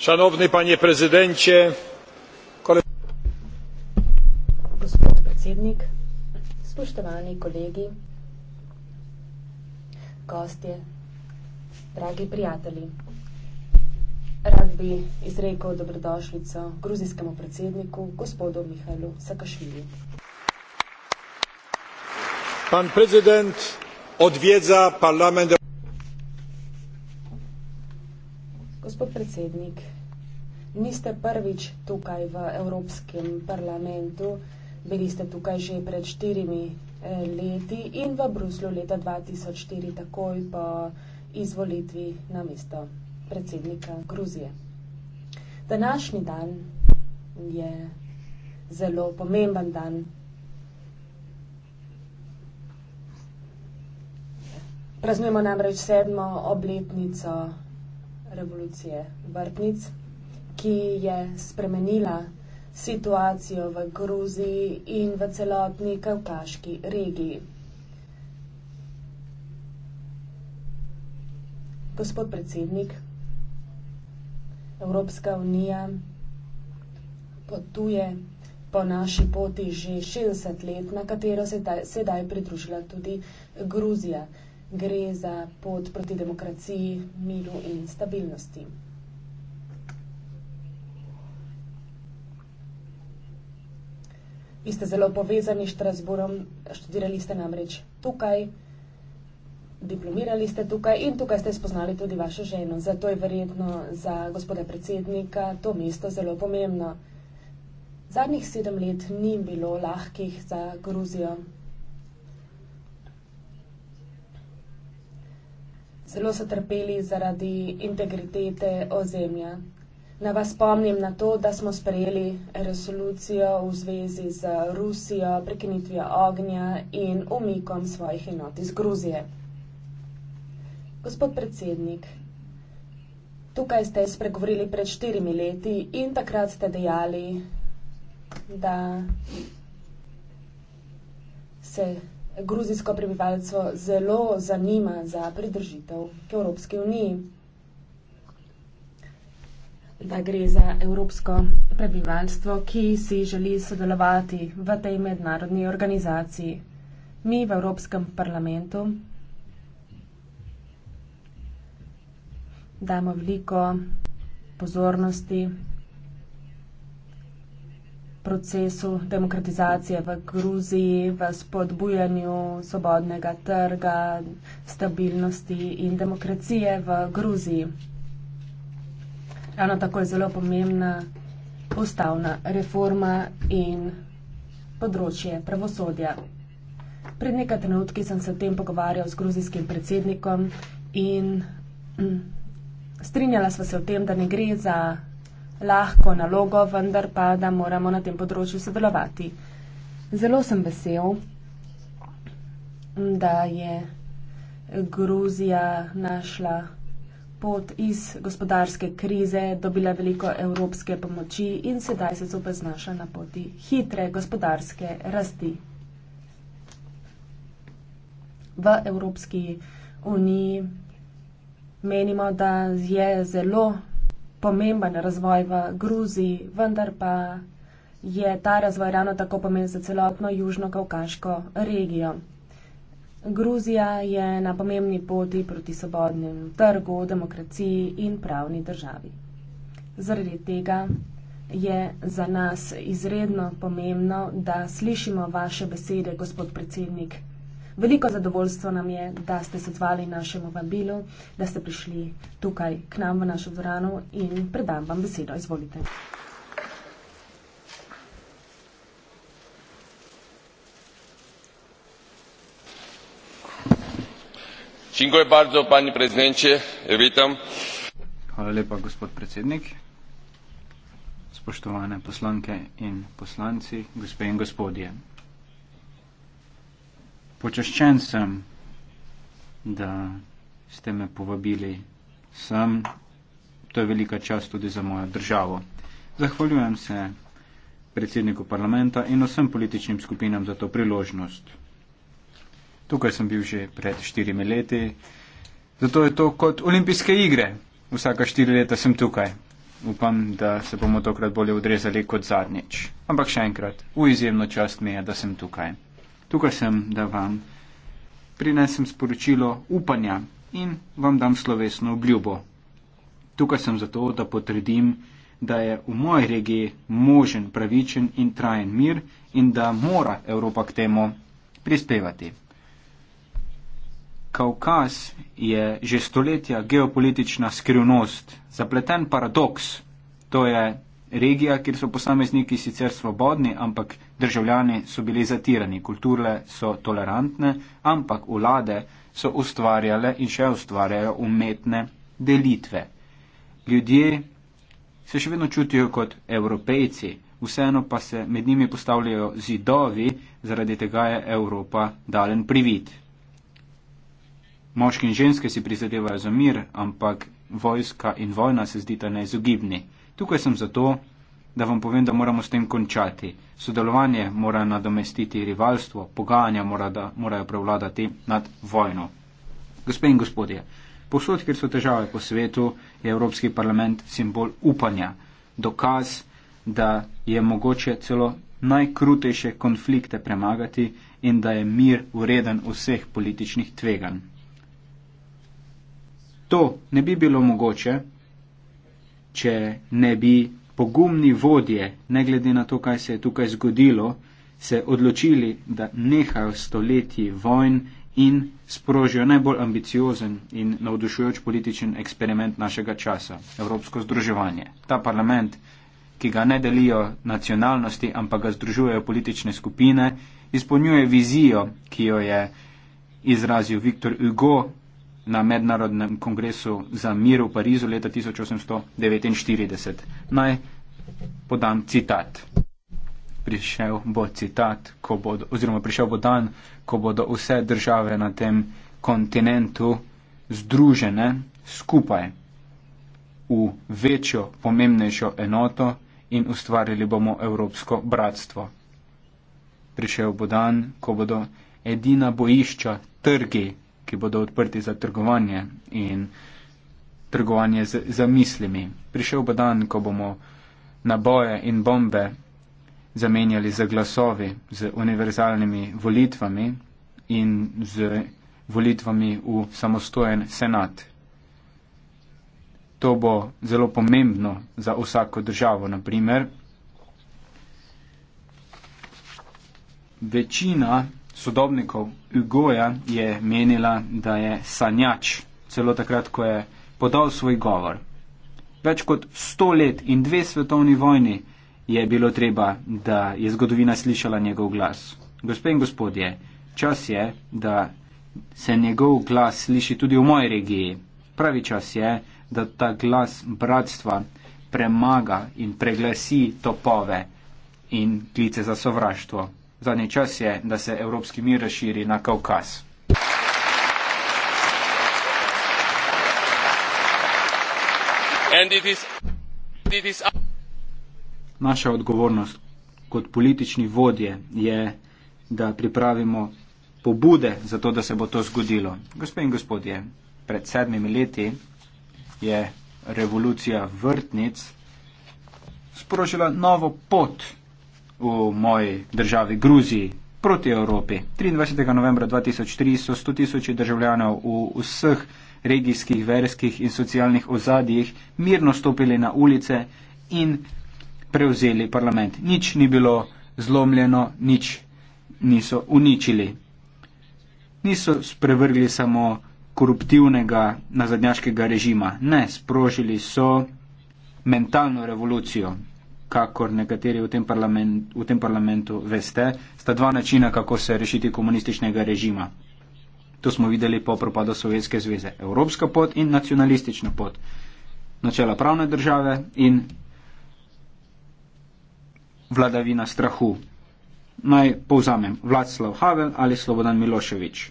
szanowny panie prezydencie dragi prijatelji rad bi izrekel dobrodošlico gruzijskemu predsedniku gospodu Mihajlu Sakašvili. Pan prezydent odwiedza parlament predsednik. Niste prvič tukaj v Evropskem parlamentu, bili ste tukaj že pred štirimi eh, leti in v Bruslju leta 2004, takoj po izvolitvi na mesto predsednika Gruzije. Današnji dan je zelo pomemben dan. Praznujemo namreč sedmo obletnico revolucije vrtnic, ki je spremenila situacijo v Gruziji in v celotni kavkaški regiji. Gospod predsednik, Evropska unija potuje po naši poti že 60 let, na katero se sedaj pridružila tudi Gruzija gre za pot proti demokraciji, miru in stabilnosti. Vi ste zelo povezani s Štrasburom, študirali ste namreč tukaj, diplomirali ste tukaj in tukaj ste spoznali tudi vašo ženo. Zato je verjetno za gospoda predsednika to mesto zelo pomembno. Zadnjih sedem let ni bilo lahkih za Gruzijo. zelo so trpeli zaradi integritete ozemlja. Na vas spomnim na to, da smo sprejeli resolucijo v zvezi z Rusijo, prekinitvijo ognja in umikom svojih enot iz Gruzije. Gospod predsednik, tukaj ste spregovorili pred štirimi leti in takrat ste dejali, da se gruzijsko prebivalstvo zelo zanima za pridržitev k Evropski uniji. Da gre za evropsko prebivalstvo, ki si želi sodelovati v tej mednarodni organizaciji. Mi v Evropskem parlamentu damo veliko pozornosti procesu demokratizacije v Gruziji, v spodbujanju svobodnega trga, stabilnosti in demokracije v Gruziji. Ravno tako je zelo pomembna ustavna reforma in področje pravosodja. Pred nekaj trenutki sem se o tem pogovarjal s gruzijskim predsednikom in mm, strinjala sva se o tem, da ne gre za lahko nalogo, vendar pa, da moramo na tem področju sodelovati. Zelo sem vesel, da je Gruzija našla pot iz gospodarske krize, dobila veliko evropske pomoči in sedaj se zopet znaša na poti hitre gospodarske rasti. V Evropski uniji menimo, da je zelo pomemben razvoj v Gruziji, vendar pa je ta razvoj ravno tako pomemben za celotno južno-kaukaško regijo. Gruzija je na pomembni poti proti svobodnem trgu, demokraciji in pravni državi. Zaradi tega je za nas izredno pomembno, da slišimo vaše besede, gospod predsednik Veliko zadovoljstvo nam je, da ste se odzvali našemu vabilu, da ste prišli tukaj k nam v našo dvorano in predam vam besedo. Izvolite. Hvala lepa, gospod predsednik. Spoštovane poslanke in poslanci, gospe in gospodje počaščen sem, da ste me povabili sem. To je velika čast tudi za mojo državo. Zahvaljujem se predsedniku parlamenta in vsem političnim skupinam za to priložnost. Tukaj sem bil že pred štirimi leti, zato je to kot olimpijske igre. Vsaka štiri leta sem tukaj. Upam, da se bomo tokrat bolje odrezali kot zadnjič. Ampak še enkrat, v izjemno čast mi je, da sem tukaj tukaj sem, da vam prinesem sporočilo upanja in vam dam slovesno obljubo. Tukaj sem zato, da potredim, da je v moji regiji možen, pravičen in trajen mir in da mora Evropa k temu prispevati. Kaukaz je že stoletja geopolitična skrivnost, zapleten paradoks. To je regija, kjer so posamezniki sicer svobodni, ampak državljani so bili zatirani, kulture so tolerantne, ampak vlade so ustvarjale in še ustvarjajo umetne delitve. Ljudje se še vedno čutijo kot evropejci, vseeno pa se med njimi postavljajo zidovi, zaradi tega je Evropa dalen privit. Moški in ženske si prizadevajo za mir, ampak vojska in vojna se zdita neizogibni. Tukaj sem zato, da vam povem, da moramo s tem končati. Sodelovanje mora nadomestiti rivalstvo, pogajanja mora da, morajo prevladati nad vojno. Gospe in gospodje, posod, kjer so težave po svetu, je Evropski parlament simbol upanja, dokaz, da je mogoče celo najkrutejše konflikte premagati in da je mir ureden vseh političnih tveganj. To ne bi bilo mogoče, če ne bi pogumni vodje, ne glede na to, kaj se je tukaj zgodilo, se odločili, da nehajo stoletji vojn in sprožijo najbolj ambiciozen in navdušujoč političen eksperiment našega časa - Evropsko združevanje. Ta parlament, ki ga ne delijo nacionalnosti, ampak ga združujejo politične skupine, izpolnjuje vizijo, ki jo je izrazil Viktor Hugo na mednarodnem kongresu za mir v Parizu leta 1849. Naj podam citat. Prišel bo citat, ko bodo, oziroma prišel bo dan, ko bodo vse države na tem kontinentu združene skupaj v večjo, pomembnejšo enoto in ustvarili bomo Evropsko bratstvo. Prišel bo dan, ko bodo edina bojišča, trgi, ki bodo odprti za trgovanje in trgovanje z, z mislimi. Prišel bo dan, ko bomo naboje in bombe zamenjali za glasovi, z univerzalnimi volitvami in z volitvami v samostojen senat. To bo zelo pomembno za vsako državo, naprimer. Večina sodobnikov Ugoja je menila, da je sanjač, celo takrat, ko je podal svoj govor. Več kot sto let in dve svetovni vojni je bilo treba, da je zgodovina slišala njegov glas. Gospe in gospodje, čas je, da se njegov glas sliši tudi v moji regiji. Pravi čas je, da ta glas bratstva premaga in preglasi topove in klice za sovraštvo. Zadnji čas je, da se evropski mir razširi na Kaukaz. Naša odgovornost kot politični vodje je, da pripravimo pobude za to, da se bo to zgodilo. Gospe in gospodje, pred sedmimi leti je revolucija vrtnic sprožila novo pot v moji državi Gruziji proti Evropi. 23. novembra 2003 so 100 tisoči državljanov v vseh regijskih, verskih in socialnih ozadjih mirno stopili na ulice in prevzeli parlament. Nič ni bilo zlomljeno, nič niso uničili. Niso sprevrgli samo koruptivnega nazadnjaškega režima, ne, sprožili so mentalno revolucijo kakor nekateri v tem, parlament, v tem parlamentu veste, sta dva načina, kako se rešiti komunističnega režima. To smo videli po propadu Sovjetske zveze. Evropska pot in nacionalistična pot. Načela pravne države in vladavina strahu. Naj povzamem. Vladislav Havel ali Slobodan Miloševič.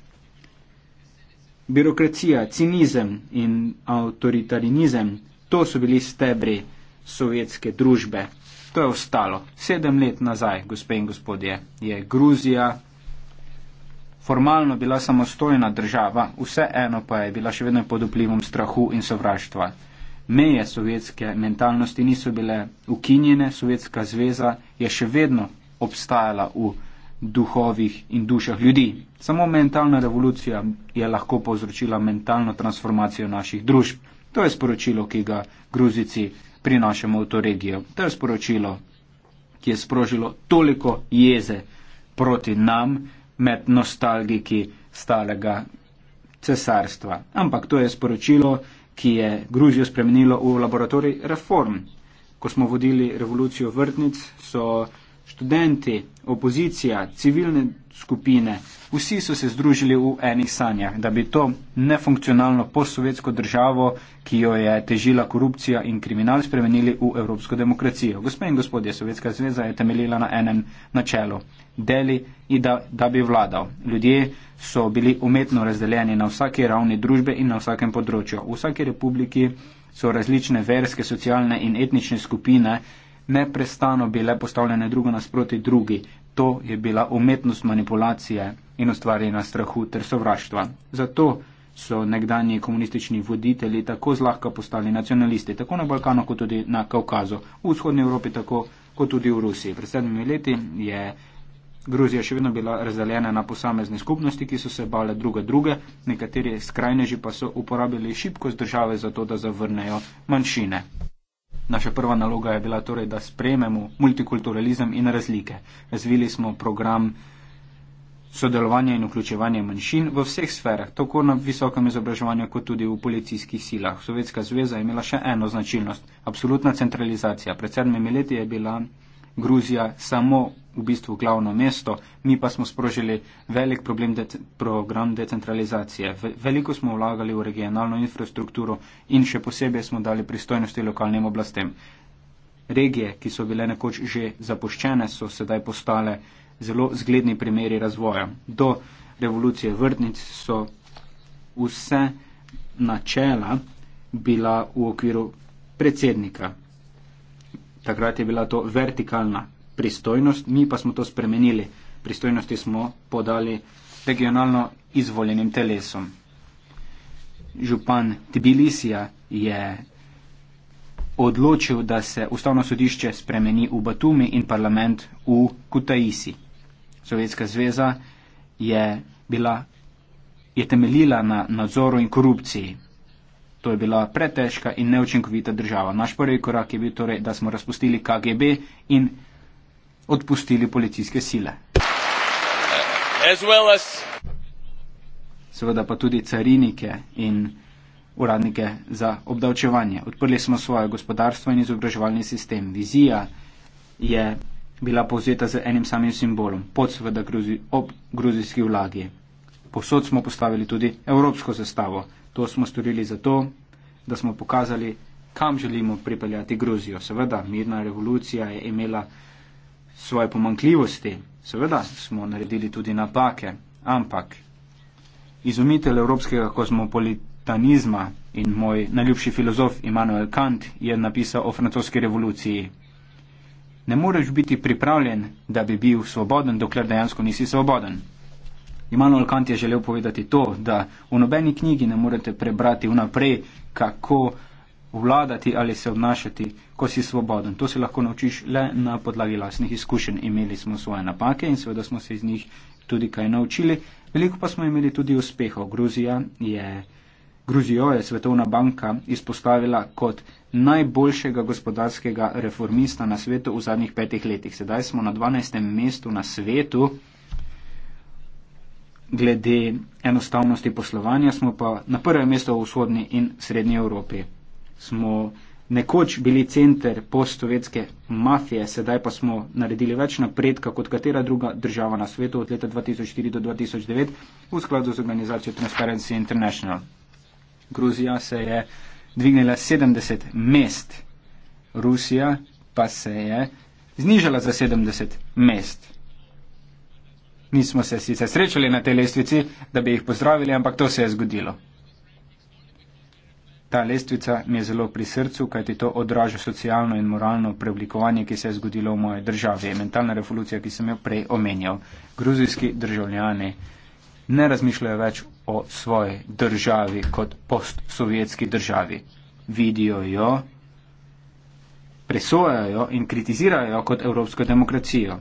Birokracija, cinizem in avtoritarinizem, to so bili stebri sovjetske družbe. To je ostalo. Sedem let nazaj, gospe in gospodje, je Gruzija formalno bila samostojna država, vseeno pa je bila še vedno pod vplivom strahu in sovraštva. Meje sovjetske mentalnosti niso bile ukinjene, Sovjetska zveza je še vedno obstajala v duhovih in dušah ljudi. Samo mentalna revolucija je lahko povzročila mentalno transformacijo naših družb. To je sporočilo, ki ga Gruzici prinašamo v to regijo. To je sporočilo, ki je sprožilo toliko jeze proti nam med nostalgiki stalega cesarstva. Ampak to je sporočilo, ki je Gruzijo spremenilo v laboratorij reform. Ko smo vodili revolucijo vrtnic, so študenti, opozicija, civilne skupine, vsi so se združili v enih sanjah, da bi to nefunkcionalno postsovjetsko državo, ki jo je težila korupcija in kriminal, spremenili v evropsko demokracijo. Gospe in gospodje, Sovjetska zveza je temeljila na enem načelu - deli in da, da bi vladal. Ljudje so bili umetno razdeljeni na vsaki ravni družbe in na vsakem področju. V vsaki republiki so različne verske, socialne in etnične skupine, neprestano bile postavljene drugo nasproti drugi. To je bila umetnost manipulacije in ustvarjena strahu ter sovraštva. Zato so nekdani komunistični voditelji tako zlahka postali nacionalisti, tako na Balkanu kot tudi na Kaukazu, v vzhodni Evropi tako kot tudi v Rusiji. Pred sedmimi leti je Gruzija še vedno bila razdeljena na posamezne skupnosti, ki so se bale druga druge, nekateri skrajneži pa so uporabili šibkost države za to, da zavrnejo manjšine. Naša prva naloga je bila torej, da sprejmemo multikulturalizem in razlike. Razvili smo program sodelovanja in vključevanja manjšin v vseh sferah, tako na visokem izobraževanju, kot tudi v policijskih silah. Sovjetska zveza je imela še eno značilnost - absolutna centralizacija. Pred sedmimi leti je bila Gruzija samo v bistvu glavno mesto, mi pa smo sprožili velik de program decentralizacije. Veliko smo vlagali v regionalno infrastrukturo in še posebej smo dali pristojnosti lokalnim oblastem. Regije, ki so bile nekoč že zapuščene, so sedaj postale zelo zgledni primeri razvoja. Do revolucije vrtnic so vse načela bila v okviru predsednika takrat je bila to vertikalna pristojnost, mi pa smo to spremenili. Pristojnosti smo podali regionalno izvoljenim telesom. Župan Tbilisija je odločil, da se ustavno sodišče spremeni v Batumi in parlament v Kutaisi. Sovjetska zveza je, bila, je temeljila na nadzoru in korupciji. To je bila pretežka in neučinkovita država. Naš prvi korak je bil torej, da smo razpustili KGB in odpustili policijske sile. Seveda pa tudi carinike in uradnike za obdavčevanje. Odprli smo svoje gospodarstvo in izobraževalni sistem. Vizija je bila povzeta z enim samim simbolom, pod seveda gruzi, ob gruzijski vlagi. Posod smo postavili tudi evropsko zastavo. To smo storili zato, da smo pokazali, kam želimo pripeljati Gruzijo. Seveda, mirna revolucija je imela svoje pomankljivosti, seveda smo naredili tudi napake, ampak izumitelj evropskega kozmopolitanizma in moj najljubši filozof Immanuel Kant je napisal o francoski revoluciji. Ne moreš biti pripravljen, da bi bil svoboden, dokler dejansko nisi svoboden. Immanuel Kant je želel povedati to, da v nobeni knjigi ne morete prebrati vnaprej, kako vladati ali se obnašati, ko si svoboden. To se lahko naučiš le na podlagi lasnih izkušenj. Imeli smo svoje napake in seveda smo se iz njih tudi kaj naučili. Veliko pa smo imeli tudi uspehov. Gruzija je, Gruzijo je Svetovna banka izpostavila kot najboljšega gospodarskega reformista na svetu v zadnjih petih letih. Sedaj smo na 12. mestu na svetu glede enostavnosti poslovanja, smo pa na prvem mestu v vzhodni in srednji Evropi. Smo nekoč bili center postsovjetske mafije, sedaj pa smo naredili več napredka kot katera druga država na svetu od leta 2004 do 2009 v skladu z organizacijo Transparency International. Gruzija se je dvignila 70 mest, Rusija pa se je znižala za 70 mest. Nismo se sicer srečali na tej lestvici, da bi jih pozdravili, ampak to se je zgodilo. Ta lestvica mi je zelo pri srcu, kajti to odraža socialno in moralno preoblikovanje, ki se je zgodilo v moje državi. Mentalna revolucija, ki sem jo prej omenjal. Gruzijski državljani ne razmišljajo več o svoji državi kot postsovjetski državi. Vidijo jo, presojajo in kritizirajo kot evropsko demokracijo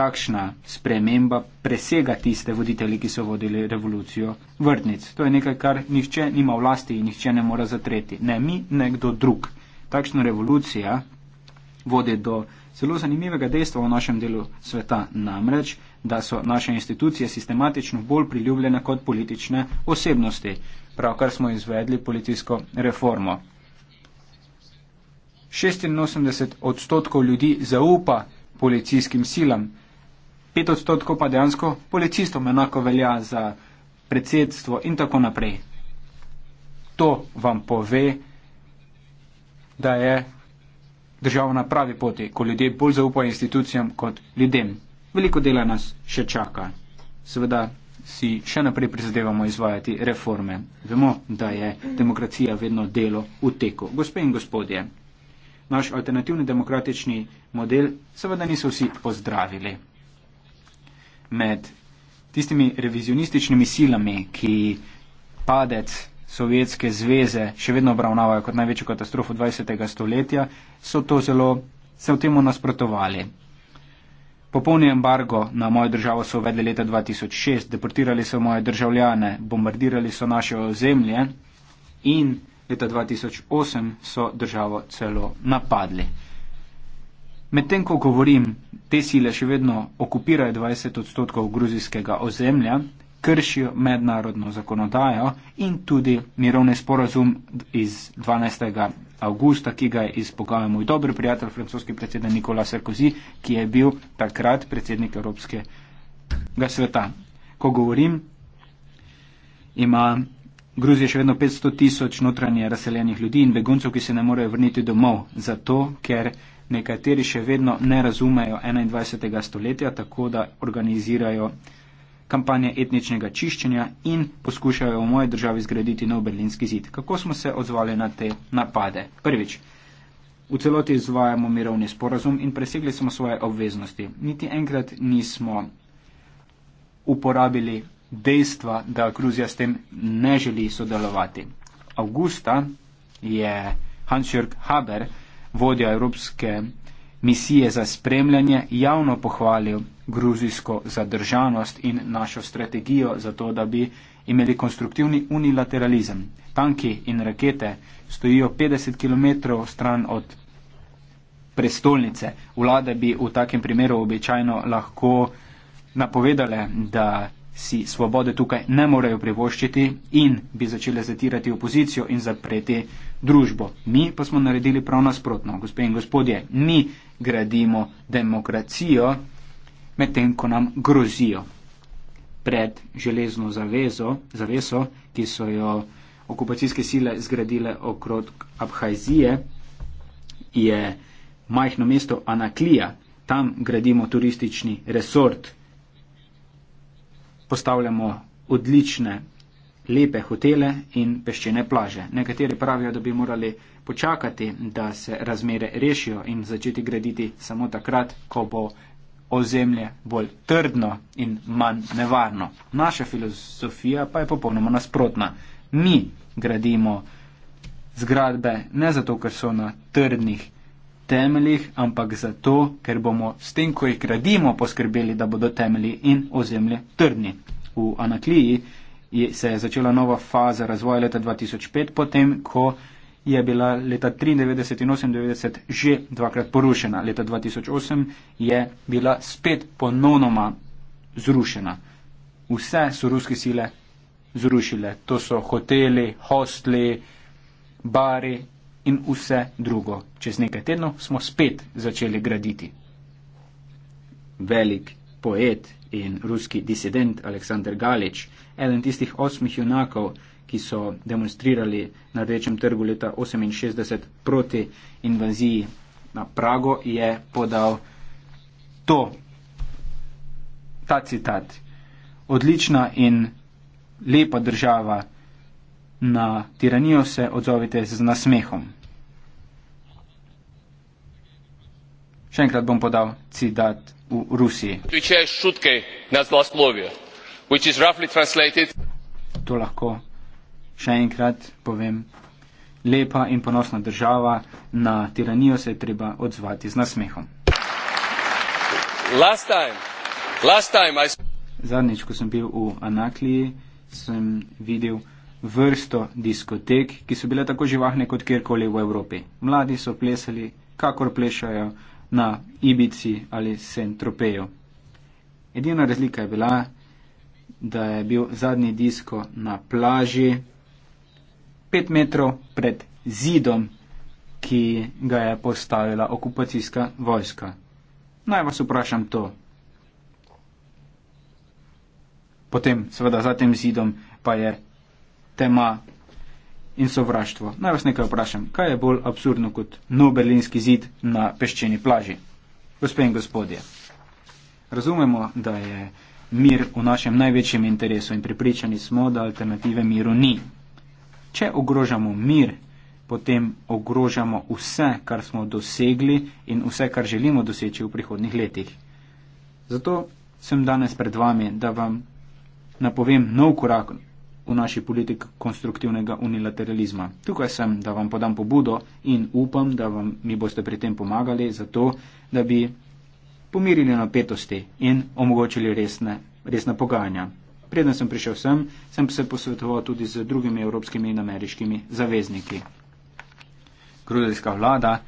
takšna sprememba presega tiste voditelji, ki so vodili revolucijo vrtnic. To je nekaj, kar nihče nima vlasti in nihče ne mora zatreti. Ne mi, ne kdo drug. Takšna revolucija vodi do zelo zanimivega dejstva v našem delu sveta, namreč, da so naše institucije sistematično bolj priljubljene kot politične osebnosti. Pravkar smo izvedli policijsko reformo. 86 odstotkov ljudi zaupa policijskim silam pet odstotkov pa dejansko policistom enako velja za predsedstvo in tako naprej. To vam pove, da je država na pravi poti, ko ljudje bolj zaupajo institucijam kot ljudem. Veliko dela nas še čaka. Seveda si še naprej prizadevamo izvajati reforme. Vemo, da je demokracija vedno delo v teku. Gospe in gospodje, naš alternativni demokratični model seveda niso vsi pozdravili med tistimi revizionističnimi silami, ki padec Sovjetske zveze še vedno obravnavajo kot največjo katastrofo 20. stoletja, so to zelo se v temu nasprotovali. Popolni embargo na mojo državo so uvedli leta 2006, deportirali so moje državljane, bombardirali so naše ozemlje in leta 2008 so državo celo napadli. Medtem ko govorim, te sile še vedno okupirajo 20 odstotkov gruzijskega ozemlja, kršijo mednarodno zakonodajo in tudi mirovni sporazum iz 12. avgusta, ki ga je izpogajal moj dober prijatelj, francoski predsednik Nikola Sarkozy, ki je bil takrat predsednik Evropskega sveta. Ko govorim, ima Gruzija še vedno 500 tisoč notranje razseljenih ljudi in beguncev, ki se ne morejo vrniti domov, zato ker nekateri še vedno ne razumejo 21. stoletja, tako da organizirajo kampanje etničnega čiščenja in poskušajo v moji državi zgraditi nov berlinski zid. Kako smo se odzvali na te napade? Prvič, v celoti izvajamo mirovni sporazum in presegli smo svoje obveznosti. Niti enkrat nismo uporabili dejstva, da Gruzija s tem ne želi sodelovati. Augusta je Hans-Jörg Haber, vodja Evropske misije za spremljanje, javno pohvalil gruzijsko zadržanost in našo strategijo za to, da bi imeli konstruktivni unilateralizem. Tanki in rakete stojijo 50 km stran od prestolnice. Vlade bi v takem primeru običajno lahko napovedale, da si svobode tukaj ne morejo privoščiti in bi začele zatirati opozicijo in zapreti družbo. Mi pa smo naredili prav nasprotno, gospe in gospodje, mi gradimo demokracijo, medtem ko nam grozijo pred železno zavezo, zaveso, ki so jo okupacijske sile zgradile okrog Abhazije, je majhno mesto Anaklija. Tam gradimo turistični resort, postavljamo odlične, lepe hotele in peščene plaže. Nekateri pravijo, da bi morali počakati, da se razmere rešijo in začeti graditi samo takrat, ko bo ozemlje bolj trdno in manj nevarno. Naša filozofija pa je popolnoma nasprotna. Mi gradimo zgradbe ne zato, ker so na trdnih temeljih, ampak zato, ker bomo s tem, ko jih gradimo, poskrbeli, da bodo temelji in ozemlje trdni. V Anakliji se je začela nova faza razvoja leta 2005, potem, ko je bila leta 93 in 98 že dvakrat porušena. Leta 2008 je bila spet ponovnoma zrušena. Vse so ruske sile zrušile. To so hoteli, hostli, bari in vse drugo. Čez nekaj tednov smo spet začeli graditi. Velik poet in ruski disident Aleksandr Galič, eden tistih osmih junakov, ki so demonstrirali na rečem trgu leta 68 proti invaziji na Prago, je podal to, ta citat. Odlična in lepa država, na tiranijo se odzovite z nasmehom. Še enkrat bom podal citat v Rusiji. To lahko še enkrat povem. Lepa in ponosna država, na tiranijo se je treba odzvati z nasmehom. Last time, last time I... Zadnjič, ko sem bil v Anakliji, sem videl vrsto diskotek, ki so bile tako živahne kot kjerkoli v Evropi. Mladi so plesali, kakor plešajo na Ibici ali Centropeju. Edina razlika je bila, da je bil zadnji disko na plaži pet metrov pred zidom, ki ga je postavila okupacijska vojska. Naj vas vprašam to. Potem, seveda, za tem zidom pa je tema in sovraštvo. Naj vas nekaj vprašam, kaj je bolj absurdno kot nobelinski zid na peščeni plaži? Gospe in gospodje, razumemo, da je mir v našem največjem interesu in pripričani smo, da alternative miru ni. Če ogrožamo mir, potem ogrožamo vse, kar smo dosegli in vse, kar želimo doseči v prihodnih letih. Zato sem danes pred vami, da vam napovem nov korak v naši politik konstruktivnega unilateralizma. Tukaj sem, da vam podam pobudo in upam, da vam mi boste pri tem pomagali, zato da bi pomirili napetosti in omogočili resne, resne pogajanja. Preden sem prišel sem, sem se posvetoval tudi z drugimi evropskimi in ameriškimi zavezniki. Gruzijska vlada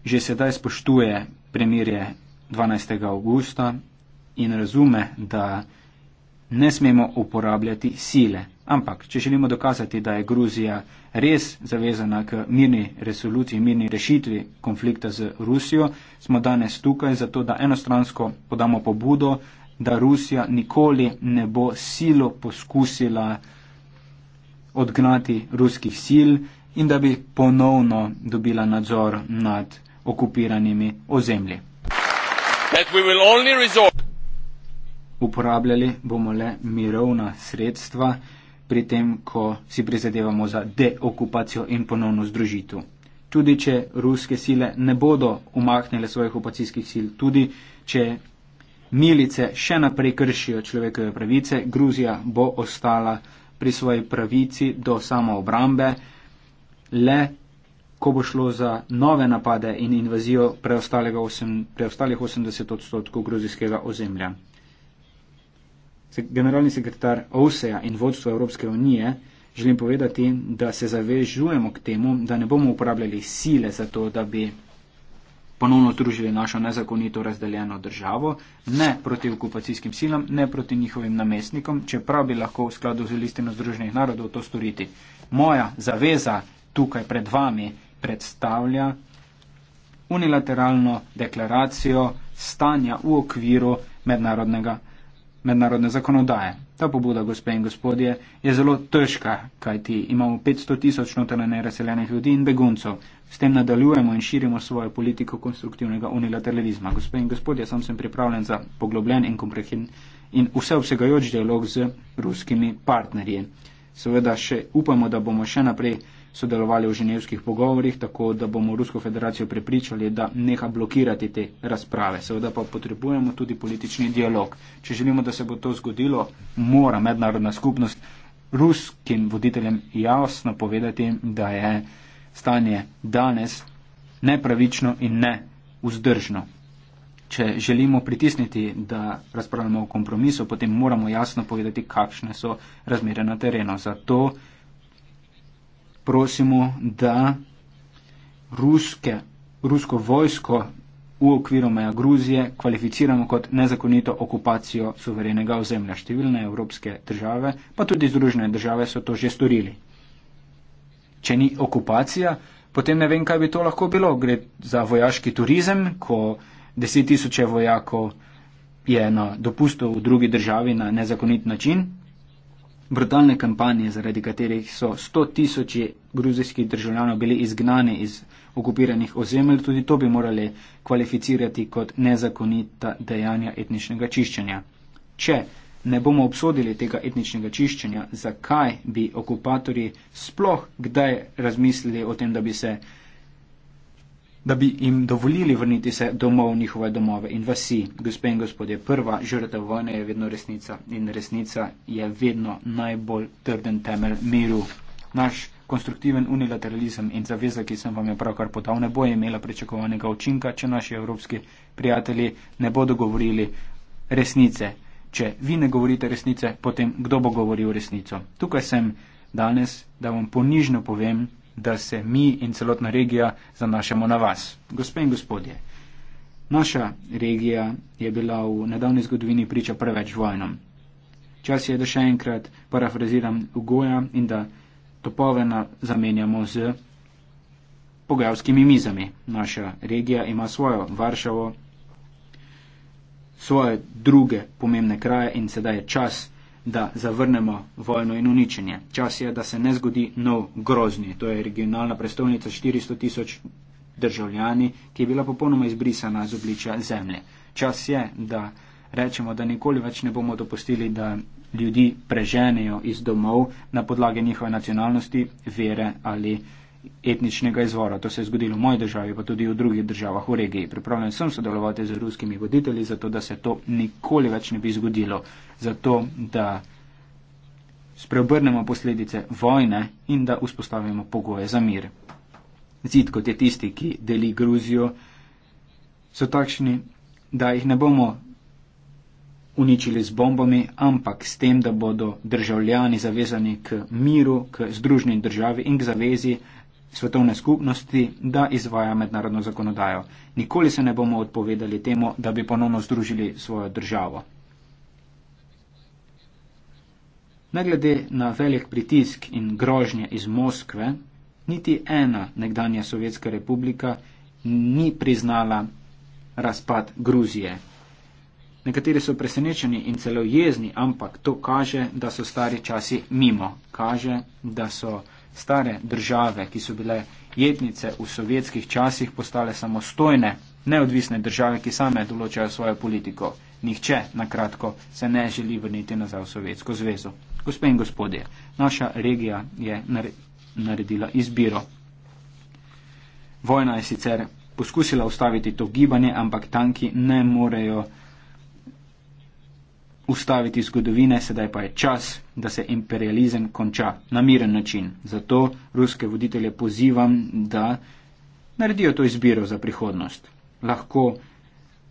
že sedaj spoštuje premirje 12. avgusta in razume, da ne smemo uporabljati sile. Ampak, če želimo dokazati, da je Gruzija res zavezana k mirni resoluciji, mirni rešitvi konflikta z Rusijo, smo danes tukaj zato, da enostransko podamo pobudo, da Rusija nikoli ne bo silo poskusila odgnati ruskih sil in da bi ponovno dobila nadzor nad okupiranimi ozemlji uporabljali bomo le mirovna sredstva, pri tem, ko si prizadevamo za deokupacijo in ponovno združitev. Tudi, če ruske sile ne bodo umaknile svojih okupacijskih sil, tudi, če milice še naprej kršijo človekove pravice, Gruzija bo ostala pri svoji pravici do samoobrambe, le ko bo šlo za nove napade in invazijo preostalih 80 odstotkov gruzijskega ozemlja generalni sekretar OSEA in vodstvo Evropske unije, želim povedati, da se zavežujemo k temu, da ne bomo uporabljali sile za to, da bi ponovno združili našo nezakonito razdeljeno državo, ne proti okupacijskim silam, ne proti njihovim namestnikom, čeprav bi lahko v skladu z listino Združenih narodov to storiti. Moja zaveza tukaj pred vami predstavlja unilateralno deklaracijo stanja v okviru mednarodnega mednarodne zakonodaje. Ta pobuda, gospe in gospodje, je zelo težka, kajti imamo 500 tisoč notranje nerazseljenih ljudi in beguncev. S tem nadaljujemo in širimo svojo politiko konstruktivnega unilateralizma. Gospe in gospodje, sam sem pripravljen za poglobljen in komprehen in vseobsegajoč dialog z ruskimi partnerji. Seveda še upamo, da bomo še naprej sodelovali v ženevskih pogovorih, tako da bomo Rusko federacijo prepričali, da neha blokirati te razprave. Seveda pa potrebujemo tudi politični dialog. Če želimo, da se bo to zgodilo, mora mednarodna skupnost ruskim voditeljem jasno povedati, da je stanje danes nepravično in ne vzdržno. Če želimo pritisniti, da razpravljamo o kompromisu, potem moramo jasno povedati, kakšne so razmere na terenu. Zato prosimo, da ruske, rusko vojsko v okviru meja Gruzije kvalificiramo kot nezakonito okupacijo suverenega ozemlja. Številne evropske države, pa tudi združene države so to že storili. Če ni okupacija, potem ne vem, kaj bi to lahko bilo. Gre za vojaški turizem, ko deset tisoče vojakov je na dopustu v drugi državi na nezakonit način, brutalne kampanje, zaradi katerih so 100 tisoči gruzijskih državljanov bili izgnani iz okupiranih ozemelj, tudi to bi morali kvalificirati kot nezakonita dejanja etničnega čiščenja. Če ne bomo obsodili tega etničnega čiščenja, zakaj bi okupatorji sploh kdaj razmislili o tem, da bi se da bi jim dovolili vrniti se domov v njihove domove in vasi. Gospe in gospodje, prva žrtev vojne je vedno resnica in resnica je vedno najbolj trden temelj miru. Naš konstruktiven unilateralizem in zaveza, ki sem vam jo pravkar podal, ne bo imela pričakovanega učinka, če naši evropski prijatelji ne bodo govorili resnice. Če vi ne govorite resnice, potem kdo bo govoril resnico? Tukaj sem danes, da vam ponižno povem, da se mi in celotna regija zanašamo na vas. Gospe in gospodje, naša regija je bila v nedavni zgodovini priča preveč vojnom. Čas je, da še enkrat parafraziram ugoja in da topovena zamenjamo z pogajalskimi mizami. Naša regija ima svojo Varšavo, svoje druge pomembne kraje in sedaj je čas, da zavrnemo vojno in uničenje. Čas je, da se ne zgodi nov grozni, to je regionalna prestolnica 400 tisoč državljani, ki je bila popolnoma izbrisana z obliča zemlje. Čas je, da rečemo, da nikoli več ne bomo dopustili, da ljudi preženejo iz domov na podlage njihove nacionalnosti, vere ali etničnega izvora. To se je zgodilo v moji državi, pa tudi v drugih državah v regiji. Pripravljen sem sodelovati z ruskimi voditelji, zato da se to nikoli več ne bi zgodilo. Zato da spreobrnemo posledice vojne in da vzpostavimo pogoje za mir. Zid, kot je tisti, ki deli Gruzijo, so takšni, da jih ne bomo uničili z bombami, ampak s tem, da bodo državljani zavezani k miru, k združni državi in k zavezi, svetovne skupnosti, da izvaja mednarodno zakonodajo. Nikoli se ne bomo odpovedali temu, da bi ponovno združili svojo državo. Ne glede na velik pritisk in grožnje iz Moskve, niti ena nekdanja Sovjetska republika ni priznala razpad Gruzije. Nekateri so presenečeni in celo jezni, ampak to kaže, da so stari časi mimo, kaže, da so stare države, ki so bile jednice v sovjetskih časih, postale samostojne, neodvisne države, ki same določajo svojo politiko. Nihče, na kratko, se ne želi vrniti nazaj v Sovjetsko zvezo. Gospe in gospodje, naša regija je naredila izbiro. Vojna je sicer poskusila ustaviti to gibanje, ampak tanki ne morejo ustaviti zgodovine, sedaj pa je čas, da se imperializem konča na miren način. Zato ruske voditelje pozivam, da naredijo to izbiro za prihodnost. Lahko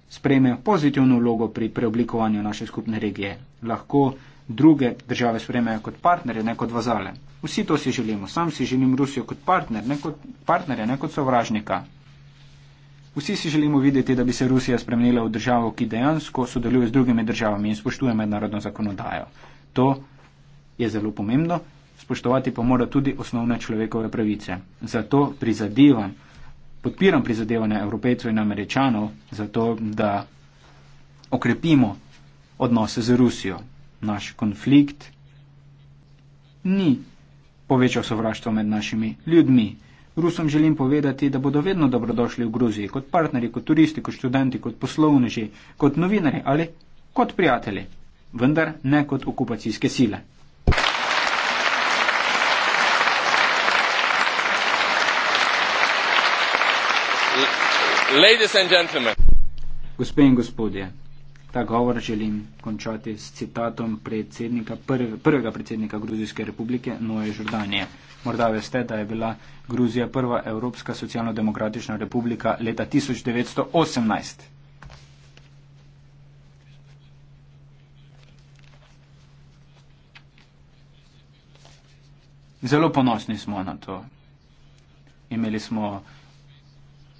sprejmejo pozitivno vlogo pri preoblikovanju naše skupne regije, lahko druge države sprejmejo kot partnerje, ne kot vazale. Vsi to si želimo. Sam si želim Rusijo kot partner, ne kot partnerja, ne kot sovražnika. Vsi si želimo videti, da bi se Rusija spremenila v državo, ki dejansko sodeluje z drugimi državami in spoštuje mednarodno zakonodajo. To je zelo pomembno. Spoštovati pa mora tudi osnovne človekove pravice. Zato prizadevam, podpiram prizadevanje evropejcev in američanov za to, da okrepimo odnose z Rusijo. Naš konflikt ni povečal sovraštvo med našimi ljudmi. Rusom želim povedati, da bodo vedno dobrodošli v Gruziji, kot partnerji, kot turisti, kot študenti, kot poslovneži, kot novinari ali kot prijatelji, vendar ne kot okupacijske sile. Gospe in gospodje, Ta govor želim končati s citatom predsednika, prvega predsednika Gruzijske republike Noe Žordanije. Morda veste, da je bila Gruzija prva evropska socialno-demokratična republika leta 1918. Zelo ponosni smo na to. Imeli smo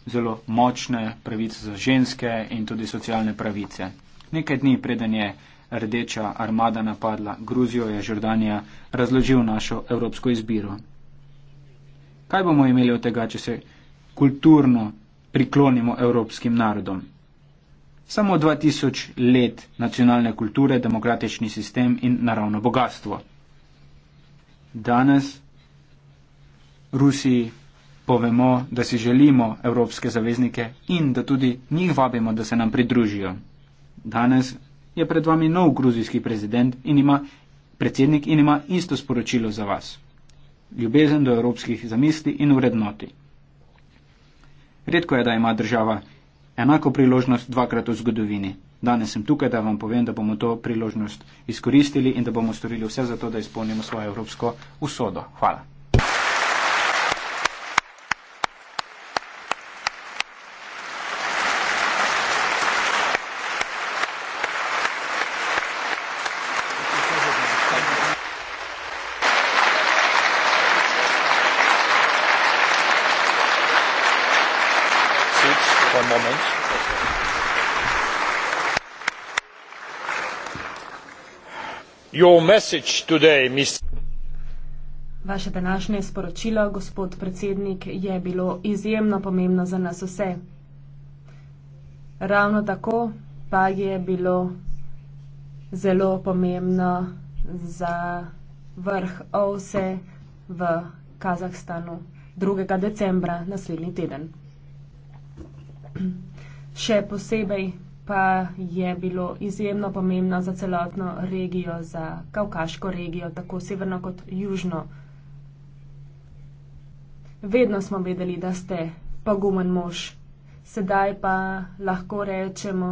zelo močne pravice za ženske in tudi socialne pravice nekaj dni preden je rdeča armada napadla Gruzijo, je Žordanija razložil našo evropsko izbiro. Kaj bomo imeli od tega, če se kulturno priklonimo evropskim narodom? Samo 2000 let nacionalne kulture, demokratični sistem in naravno bogatstvo. Danes Rusiji povemo, da si želimo evropske zaveznike in da tudi njih vabimo, da se nam pridružijo. Danes je pred vami nov gruzijski prezident in ima predsednik in ima isto sporočilo za vas. Ljubezen do evropskih zamisli in vrednoti. Redko je, da ima država enako priložnost dvakrat v zgodovini. Danes sem tukaj, da vam povem, da bomo to priložnost izkoristili in da bomo storili vse za to, da izpolnimo svojo evropsko usodo. Hvala. Vaše današnje sporočilo, gospod predsednik, je bilo izjemno pomembno za nas vse. Ravno tako pa je bilo zelo pomembno za vrh OVSE v Kazahstanu 2. decembra naslednji teden. Še posebej pa je bilo izjemno pomembno za celotno regijo, za kavkaško regijo, tako severno kot južno. Vedno smo vedeli, da ste pogumen mož, sedaj pa lahko rečemo,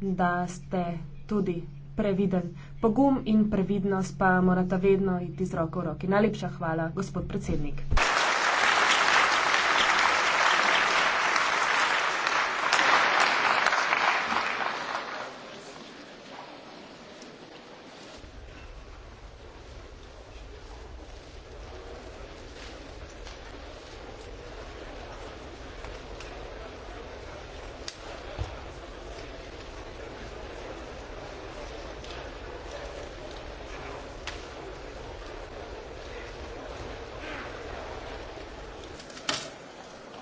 da ste tudi previden. Pogum in previdnost pa morata vedno iti z roko v roki. Najlepša hvala, gospod predsednik.